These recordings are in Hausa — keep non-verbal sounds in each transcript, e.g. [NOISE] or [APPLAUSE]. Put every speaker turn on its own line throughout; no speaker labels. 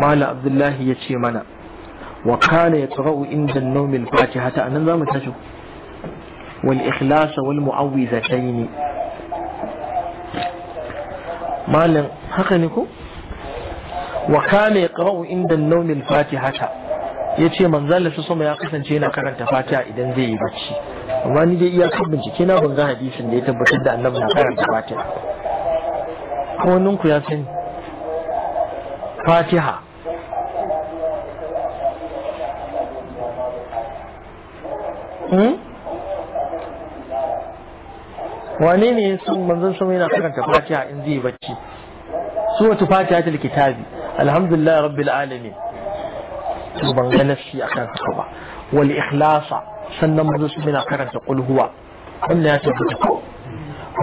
mala abdullahi ya ce mana wa kana ya qara'u inda an-nawm al-fatiha ta anan zamu tashi wal ikhlas wal mu'awwizatayn malam haka ne ko wa kana ya qara'u inda nomin nawm hata Ya ce yace su sama ya kasance yana karanta fatiha idan zai yi bacci amma ni dai iyakar bincike na ban ga hadisin da ya tabbatar da annabi na karanta fatiha ko ku ya sani fatiha Hmm? wane ne sun manzon sama yana karanta fatiha in zai bacci suratul fatiha ta kitabi alhamdulillah rabbil alamin to ban ga nafsi akan haka ba wal ikhlasa sannan manzon sama yana karanta qul huwa kullu ya tabbata ko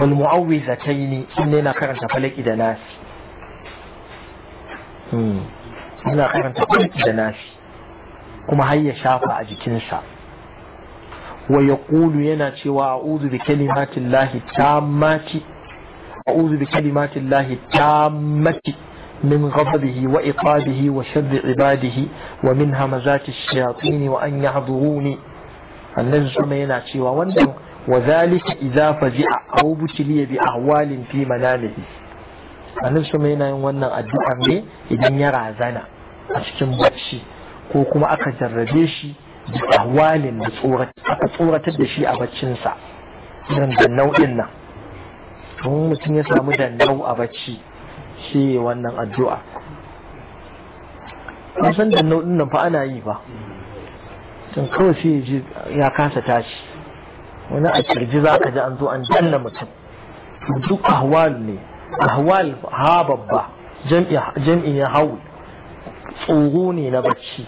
wal mu'awwizatayn sannan yana karanta falaki da hmm yana karanta falaki da nasi kuma har ya shafa a jikinsa ويقول يناتي وأعوذ بكلمات الله التامة أعوذ بكلمات الله التامة من غضبه وإقابه وشر عباده ومن همزات الشياطين وأن يحضروني النجس ما الله عليه وسلم وذلك إذا فزع أو بتلي بأهوال في منامه annabi sama yana yin wannan addu'a ne idan ya razana a cikin bacci ko kuma aka jarrabe shi da ahwalin da aka tsoratar da shi a baccinsa irin da nau'in nan tun mutum ya samu da nau a bacci shi wannan addu'a ba san da nau'in nan fa ana yi ba tun kawai sai ji ya kasa tashi wani a kirji za ka ji an zo an danna mutum duk ahwal ne ahwal ha babba jam'i ya hau tsoro ne na bacci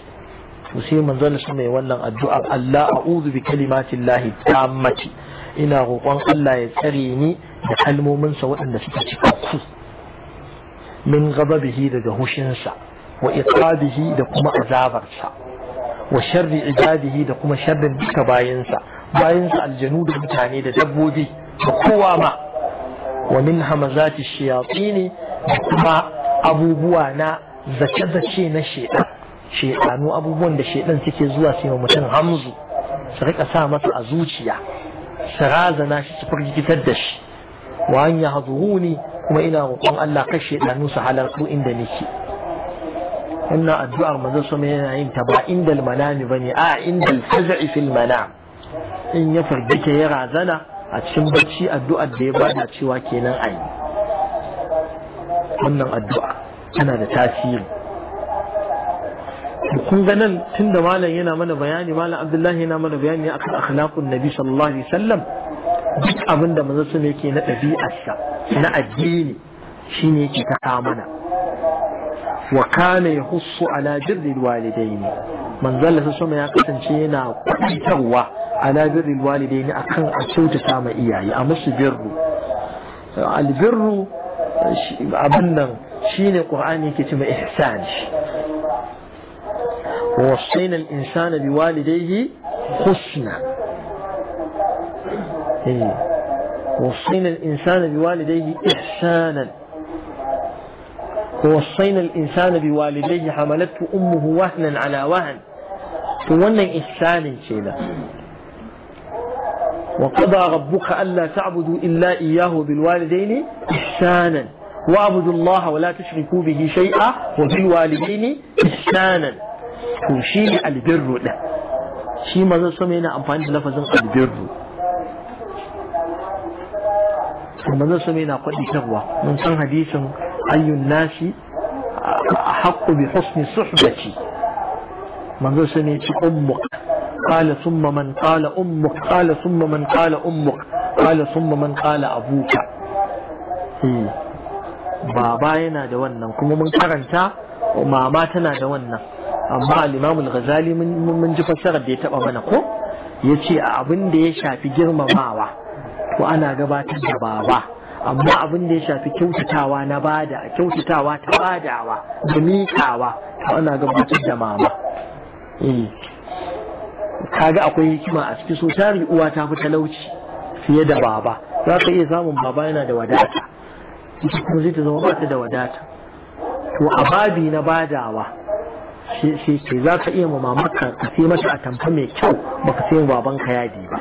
to sai manzon su mai wannan addu'a Allah a'udhu bi kalimati kalimatillahi tammati ina roƙon Allah ya tsare ni da kalmomin sa waɗanda suka ci ku min ghadabihi daga hushinsa wa iqabihi da kuma azabarsa wa sharri ibadihi da kuma sharrin duka bayansa bayansa aljanu da mutane da dabbobi da kowa ma wa min hamazati shayatin da kuma abubuwa na zace-zace na shaitan shedanu abubuwan da shedan suke zuwa su yi mutum hamzu su rika sa masa a zuciya su razana shi su firgitar da shi wa an yahduruni kuma ina roƙon Allah kar shedanu su halartu inda nake wannan addu'ar manzo sama yana yin ta ba indal manami bane a indal faz'i fil manam in ya firgita ya razana a cikin bacci addu'ar da ya bada cewa kenan ayi wannan addu'a tana da tasiri kun ga nan tun da malam yana mana bayani malam abdullahi yana mana bayani akan akhlaqun nabi sallallahu alaihi wasallam duk abin da manzo sun yake na ɗabi'arsa na addini shine yake ta mana wa kana yahussu ala birril walidaini manzo Allah sama ya kasance yana kwantarwa ala birril walidaini akan a kyautata ma iyaye a musu birru albirru abin nan shine qur'ani yake cewa ihsan ووصينا الإنسان بوالديه حسنا إيه. ووصينا الإنسان بوالديه إحسانا ووصينا الإنسان بوالديه حملته أمه وهنا على وهن فوانا إحسان شيئا وقضى ربك ألا تعبدوا إلا إياه بالوالدين إحسانا واعبدوا الله ولا تشركوا به شيئا وبالوالدين إحسانا to shi ne albirru ɗin shi so mai yana amfani da lafazin albirru to mai na yana tarwa. mun san hadisin ayyun nasi a haƙƙo bi husni suhbati mazo so mai ci ummuk قال ثم من ƙala أمك ƙala ثم من قال أمك قال ثم من ƙala abuka. Hmm. ba yana da wannan kuma mun karanta mama tana da wannan amma al gazali ghazali mun ji fassarar da ya taba mana ko ya ce a abin da ya shafi girmamawa to ana gabatar da baba amma abin da ya shafi kyautatawa na bada kyautatawa ta badawa da miƙawa to ana gabatar da mama eh. kaga akwai hikima a ciki so uwa ta fi talauci fiye da baba za ka iya samun baba yana da wadata kuma zai ta zama ba ta da wadata to a babi na badawa shi ce za ka iya mamaka ka sai mata a tamfa mai kyau baka sai baban ka yadi ba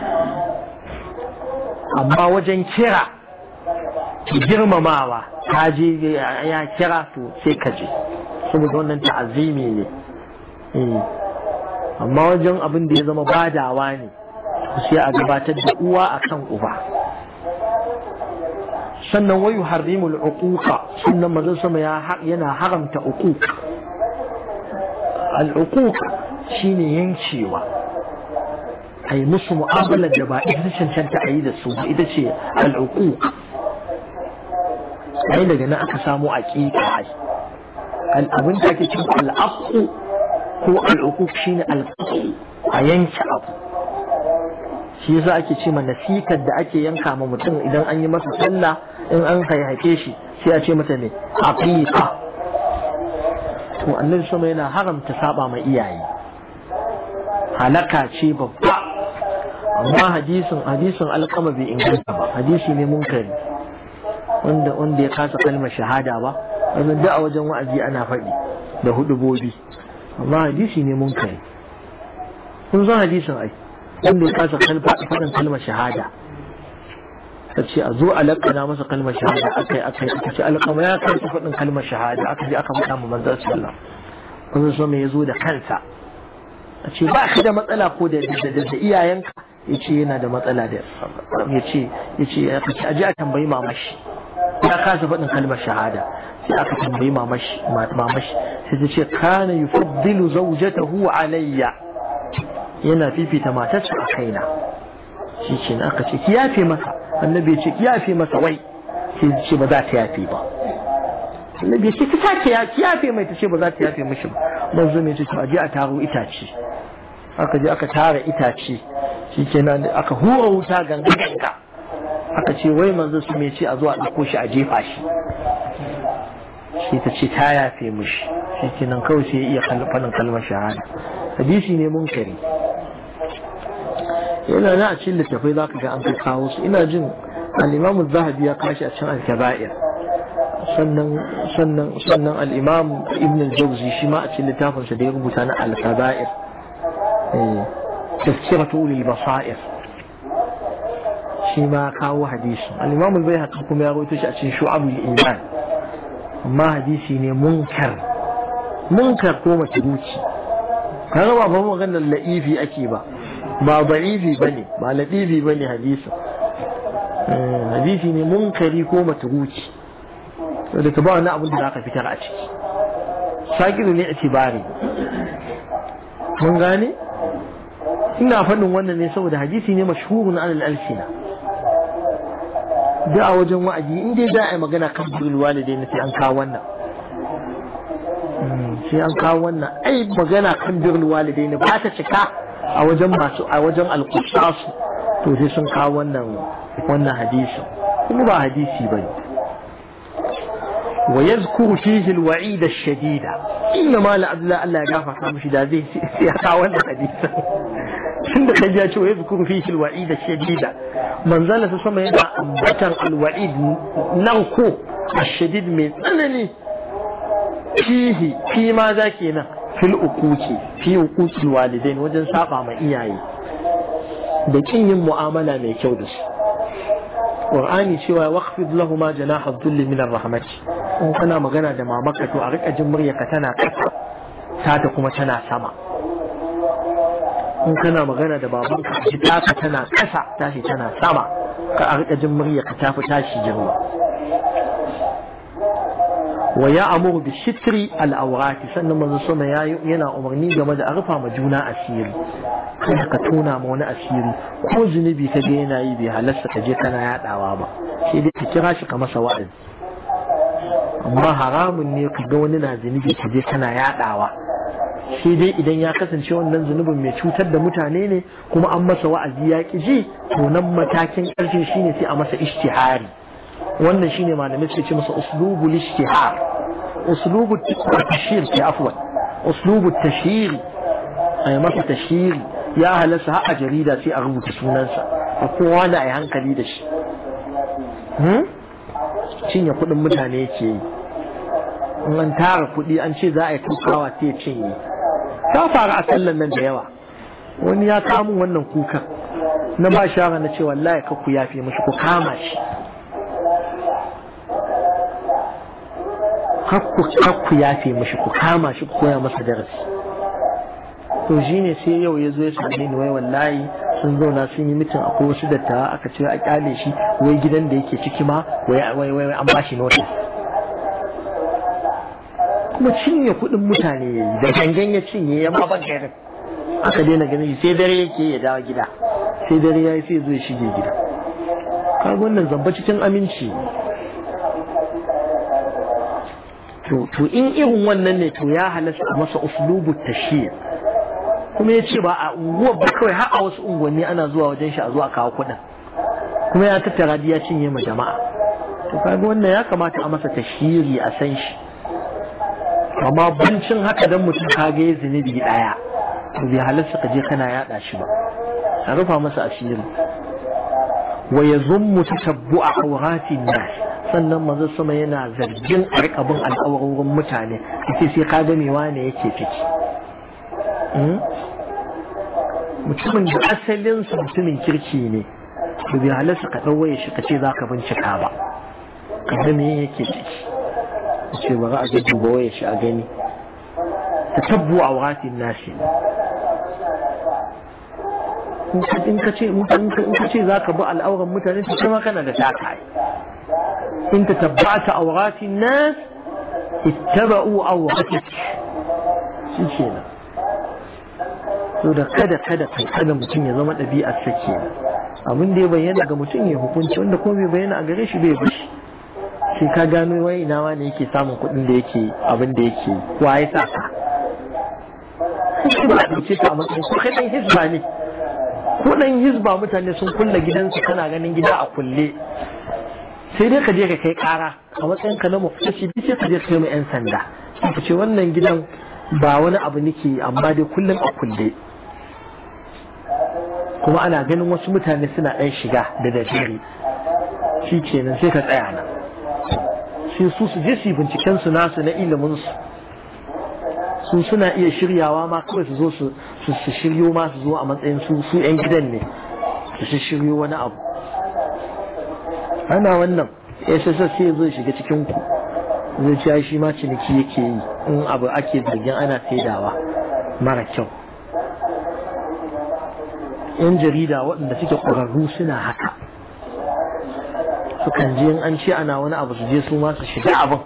amma wajen kira ki girmamawa ta je ya kira to sai ka je saboda wannan ta'azimi ne eh. amma wajen abin da ya zama badawa ne sai a gabatar da uwa a kan uba sannan wayu harimul uquqa sannan mazan sama yana haramta uquq
العقوق شيني ينشيوا أي مش مقابلة جبا إذا شن شن تعيد
السوء إذا شيء العقوق أي لجنا أقسام أكيد أي الأبن تكتب الأخ هو العقوق شين الفقه أينك أب شيء زاك شيء نسيك الدعاء ينكا ممتن إذا أني مثلا إن أنك يحكيشي شيء شيء مثلا عقيقة to annabi sama yana haramta saba ma iyaye halaka ce babba amma hadisin hadisin alkama bai inganta ba hadisi ne munkari wanda wanda ya kasa kalma shahada ba wannan da a wajen wa'azi ana faɗi da bobi amma hadisi ne munkari kun san hadisin ai wanda ya kasa faɗin kalma shahada ta ce a zo a lakana masa kalmar shahada akai akai aka ce alƙama ya kai faɗin kalmar shahada aka je aka faɗa mu manzon sallallahu alaihi wasallam ya zo da kansa a ce ba ka da matsala ko da iyayenka ya ce yana da matsala da ya ce ya ce ya aje a tambayi mamashi ya kasa faɗin kalmar shahada sai aka tambayi mamashi mamashi sai ta ce kana yufaddilu zawjatahu alayya yana fifita matarsa a kaina shi ce aka ce ki yafe masa annabi ya ce ki yafe masa wai ki ce ba za ta yafe ba annabi ya ce ki sake ya ki yafe mai ta ce ba za ta yafe mishi ba manzo mai ce to aje a taro itace aka je aka tara itace shikenan aka hura wuta ganga ganga aka ce wai manzo su mai ce a zo a dauko shi a jefa shi shi ta ce ta yafe mishi shikenan kawai sai ya iya faɗin kalmar shahada hadisi ne munkari إلا نعش اللي تفيد أقل أنت القاوس إلا جن الإمام الذهبي يقاش أتشان الكبائر سنن سنن سنن الإمام ابن الجوزي شماء اللي تافن شديق بتانا الكبائر إيه. تذكرة أولي البصائر شما كاو حديث الإمام البيه قبوم يقول تشأتش شعب الإيمان ما حديثي ني منكر منكر كومة تبوتي كان الله فهو غنى اللئيفي أكيبا ba ba'ifi ba ne ba latifi ba ne hadisi eh, hadisi ne munkari ko matuguci da ta ba wani abin da za ka fitar a ciki sakiru ne a tibari mun gane ina faɗin wannan ne saboda hadisi ne mashhurun alal alsina da a wajen wa'azi in dai za a yi magana kan birnin walidai na sai an kawo wannan hmm, sai an kawo wannan ai magana kan birnin walidai na ba ta cika a wajen masu a wajen alƙusasu to sai sun kawo wannan wannan hadisin kuma ba hadisi ba ne wa yazkuru fihi alwa'id ash-shadida inna ma la abdullah Allah ya gafarta mushi da zai sai ya kawo wannan hadisin tun da ya ce wa yazkuru fihi alwa'id ash-shadida manzala sa sama yana ambatan alwa'id nan ko ash-shadid mai tsanani fihi fi ma za kenan fil ukuki fi ukuki walidain wajen saba ma iyaye da kin yin mu'amala mai kyau da su qur'ani cewa waqfid lahuma janaha dhulli min ar-rahmat in kana magana da mamaka to a rika jin muryarka tana kasa ta kuma tana sama in kana magana da babanka ji ta tana kasa tashi tana sama ka a rika jin muryarka ta fi tashi girma wa ya amuru bi shitri al'aurati sannan manzo sama yana umarni game da arfa ma juna asiri kada ka tona ma wani asiri ko zunubi ka ga yana yi bai halasta ka je kana yadawa ba sai dai ka kira shi ka masa wa'azi amma haramun ne ka ga wani na zunubi ka je kana yadawa sai dai idan ya kasance wannan zunubin mai cutar da mutane ne kuma an masa wa'azi ya ki ji to nan matakin ƙarshe shine sai a masa ishtihari wannan shine malamai suke ce masa uslubu lishtihar uslubu ke afwan uslubu ay masa tashhir ya halasa har a jarida sai a rubuta sunansa a kowa na ai hankali da shi hmm? cinye kuɗin mutane ke yi in an tara kuɗi an ce za a yi tukawa sai ya cinye ta fara a sallan nan da yawa wani ya kamun wannan kukar, na ba shara na ce wallahi ka ku yafe mashi ku kama shi kakku yafe mashi ku kama shi ku koya masa darasi to shi ne sai yau ya zo ya sami ni wai wallahi sun zauna sun yi a akwai wasu dattawa aka ce a kyale shi wai gidan da yake ciki ma wai wai wai an bashi nota kuma cinye kuɗin mutane ya yi da gangan ya cinye ya ma garin aka daina ganin sai dare yake ya dawo gida sai dare ya yi sai zo ya shige gida kaga wannan zamba cikin aminci to in irin wannan ne to ya halasta a masa uslubu tashiyar kuma ya ce ba a unguwar ba kawai har a wasu unguwanni ana zuwa wajen shi a zuwa kawo kuɗin kuma ya tattara ya cinye ma jama'a to kaga wannan ya kamata a masa tashiri a san shi amma bancin haka don mutum kaga ya zunubi ɗaya. to bai halasta ka je kana yaɗa shi ba a rufa masa asiri wa tabbu a awratin nasi sannan manzo sama yana zargin a rika alƙawarin mutane yake sai ka ga mewa ne yake ciki mutumin da asalin sa mutumin kirki ne to bi halasa ka dawo ya shi kace zaka bincika ba ka ga me yake fiki kace ba za a ga dubo ya shi a gani ta tabbu a watin in ka ce za ka bi al'auran mutane su kuma kana da taka in ta tabbata a auratin nas ittaba'u auratik shi na. so da kada kada kai kada mutum ya zama ɗabi'ar sa kenan abin da ya bayyana ga mutum ya hukunci wanda kuma bai bayyana a gare shi bai shi sai ka gano wai ina ma ne yake samun kuɗin da yake abinda da yake waye sa ka ba a ɗauke ta a matsayin ko kai ɗan hizba ne ko dan hizba mutane sun kulle gidansu kana ganin gida a kulle sai dai ka je ka kai kara a matsayin ka na muftashi bi sai ka je kai mu yan sanda ka ce wannan gidan ba wani abu nake amma dai kullum a kulle kuma ana ganin wasu mutane suna ɗan shiga da daddare shi kenan sai ka tsaya nan sai su su je su binciken su nasu na iliminsu su su suna iya shiryawa ma kawai su zo su shiryo ma su zo a matsayin su su 'yan gidan ne su shiryo wani abu ana wannan sss sai zo shiga cikin ku zuciya shi ma ciniki yake yi in abu ake zargin ana saidawa mara kyau yan jarida waɗanda suke ƙwararru suna haka sukan je in an ce ana wani abu su je su ma su shiga abin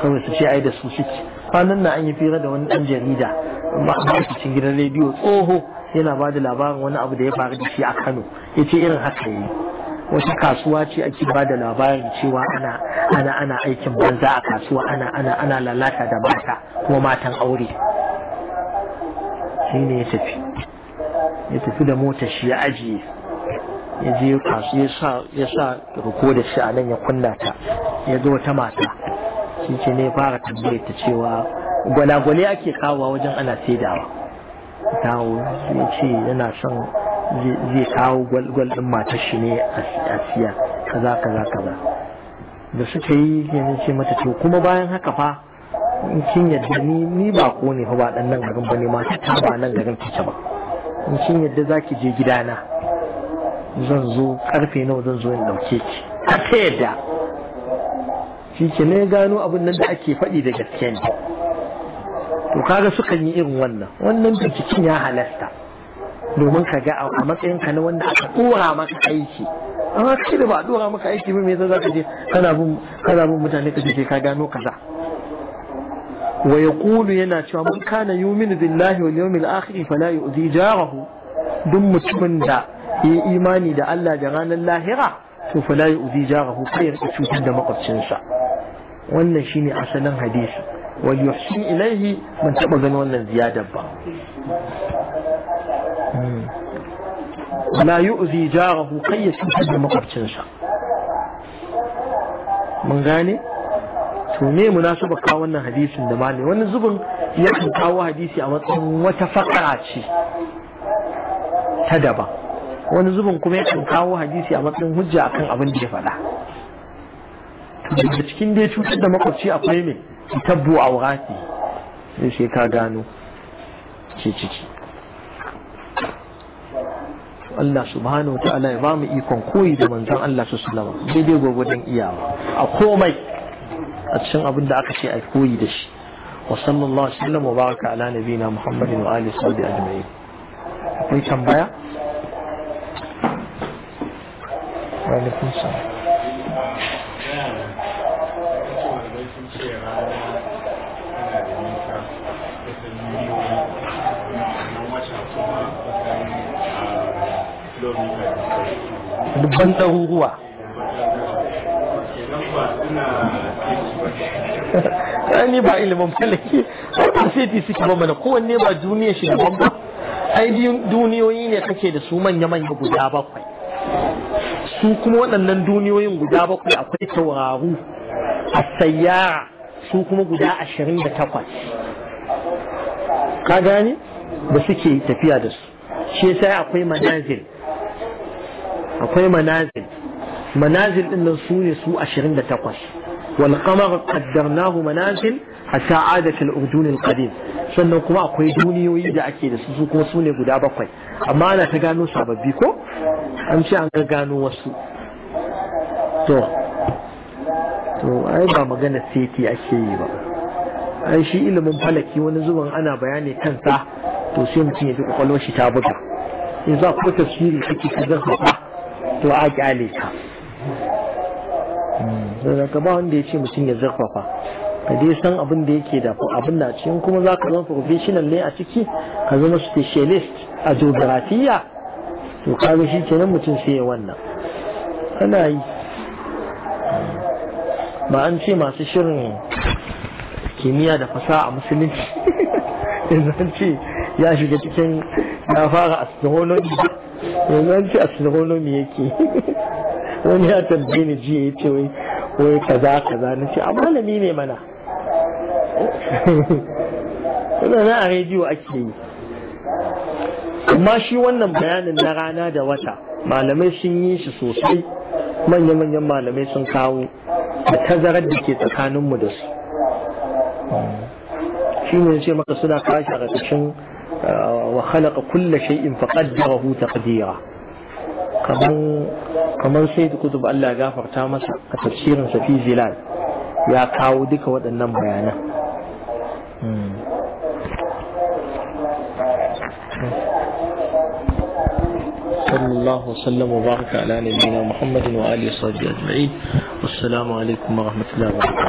kawai su ce ai da su suke kwanan na an yi fira da wani ɗan jarida ma'aikacin gidan rediyo tsoho yana ba da labarin wani abu da ya faru da shi a kano ya ce irin haka yi wata kasuwa ce ake ba da labarin cewa ana ana ana aikin banza a kasuwa ana ana ana lalata da mata kuma matan aure shi ne ya tafi ya tafi da mota shi ya ajiye ya je kasu ya sa ya da shi a nan ya kunna ta ya zo wata mata shi ce ne fara tambayar ta cewa gwalagwale ake kawo wajen ana saidawa kawo ya ce yana son zai kawo gwalɗin din matar shi ne a siya kaza kaza kaza da suka yi yanzu ce mata to kuma bayan haka fa in kin yadda ni ni ba ko ne fa ba dan nan garin bane ma ta ba nan garin ta ba in kin yadda zaki je gidana zan zo karfe nawa zan zo in dauke ki a ta yadda shi ke ne gano abin nan da ake faɗi da gaske ne to kaga sukan yi irin wannan wannan binciken ya halasta domin ka ga a matsayinka na wanda aka dora maka aiki amma kai da ba a dora maka aiki ba me yasa zaka je kana bin bin mutane ka je ka gano kaza wa yaqulu yana cewa mun kana yu'minu billahi wal yawmil akhir fala yu'zi jarahu duk mutumin da ya imani da Allah da ranar lahira to fala yu'zi jarahu kai ya cutar da makwabcinsa wannan shine asalin hadisi wa yuhsin ilaihi ban taɓa gani wannan ziyadar ba la yu'zi jarahu kai ya cutar da makwabcinsa mun gane to me wannan hadisin da malai wani zubin ya kawo hadisi a matsayin wata fakara ce ta daban wani zubin kuma ya kawo hadisi a matsayin hujja akan abin da ya faɗa daga cikin dai cutar da makwabci akwai ne tabbu aurati sai sai ka gano ce ciki Allah subhanahu wa ta'ala ya ba mu ikon koyi da manzon Allah su sallama daidai gwagwadon iyawa a komai a cikin abin da aka ce a koyi da shi wa sallallahu alaihi wa baraka ala nabiyina muhammadin wa alihi sallallahu ajma'in akwai tambaya wa alaikum salam dubban ɗaruruwa ni ba ilimin falaki ai ba sai suke ba mana kowanne ba duniya shi daban ba ai duniyoyi ne kake da su manya-manya guda bakwai su kuma waɗannan duniyoyin guda bakwai akwai tauraru a sayyara su kuma guda ashirin da takwas ka gane ba suke tafiya da su shi sai akwai manazil akwai manazil manazil din nan su ne su 28 wal qamar qaddarnahu manazil hatta adat al urdun al qadim sannan kuma akwai duniyoyi da ake da su su kuma su ne guda bakwai amma ana ta gano sababbi ko an ce an gano wasu to to ai ba magana seti ake yi ba ai shi ilimin falaki wani zuwan ana bayani kansa to sai mutum ya ji kwakwalwar shi ta buga in za ku tafsiri kake ta zan to a kyale ka da ka ba wanda ya ce mutum ya zarfafa. ka dai san abin da yake da abin na cikin kuma za ka zama professional ne a ciki ka zama specialist a geografiya to kaga shi kenan mutum sai ya wannan ana yi ba an ce masu shirin kimiyya da fasaha a musulunci [LAUGHS] Ya zance ya shiga cikin ya fara astronomy yanzu an ce astronomy yake wani ya tambaye ni jiya ya ce wai kaza kaza na ce a malami ne mana na a rediyo ake yi amma shi wannan bayanin na rana da wata malamai sun yi shi sosai manya-manyan malamai sun kawo da tazarar da ke tsakaninmu da su shi ne ce maka suna kashi a ƙarƙashin آه، وخلق كل شيء فقدره تقديرا كمان كمان سيد كتب الله غافر تامس تفسير في زلال يا كاودك ودنم بيانا صلى الله وسلم وبارك على نبينا محمد وآله وصحبه أجمعين
والسلام عليكم ورحمة الله وبركاته